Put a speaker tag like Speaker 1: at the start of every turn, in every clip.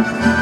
Speaker 1: Thank you.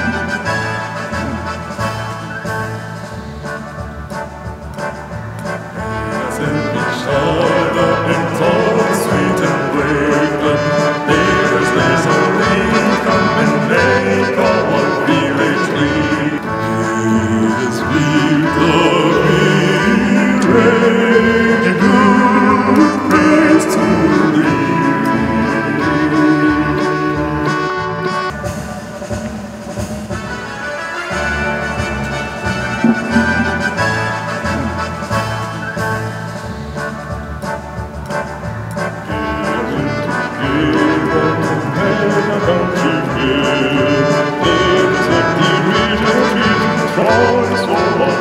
Speaker 2: Oh, will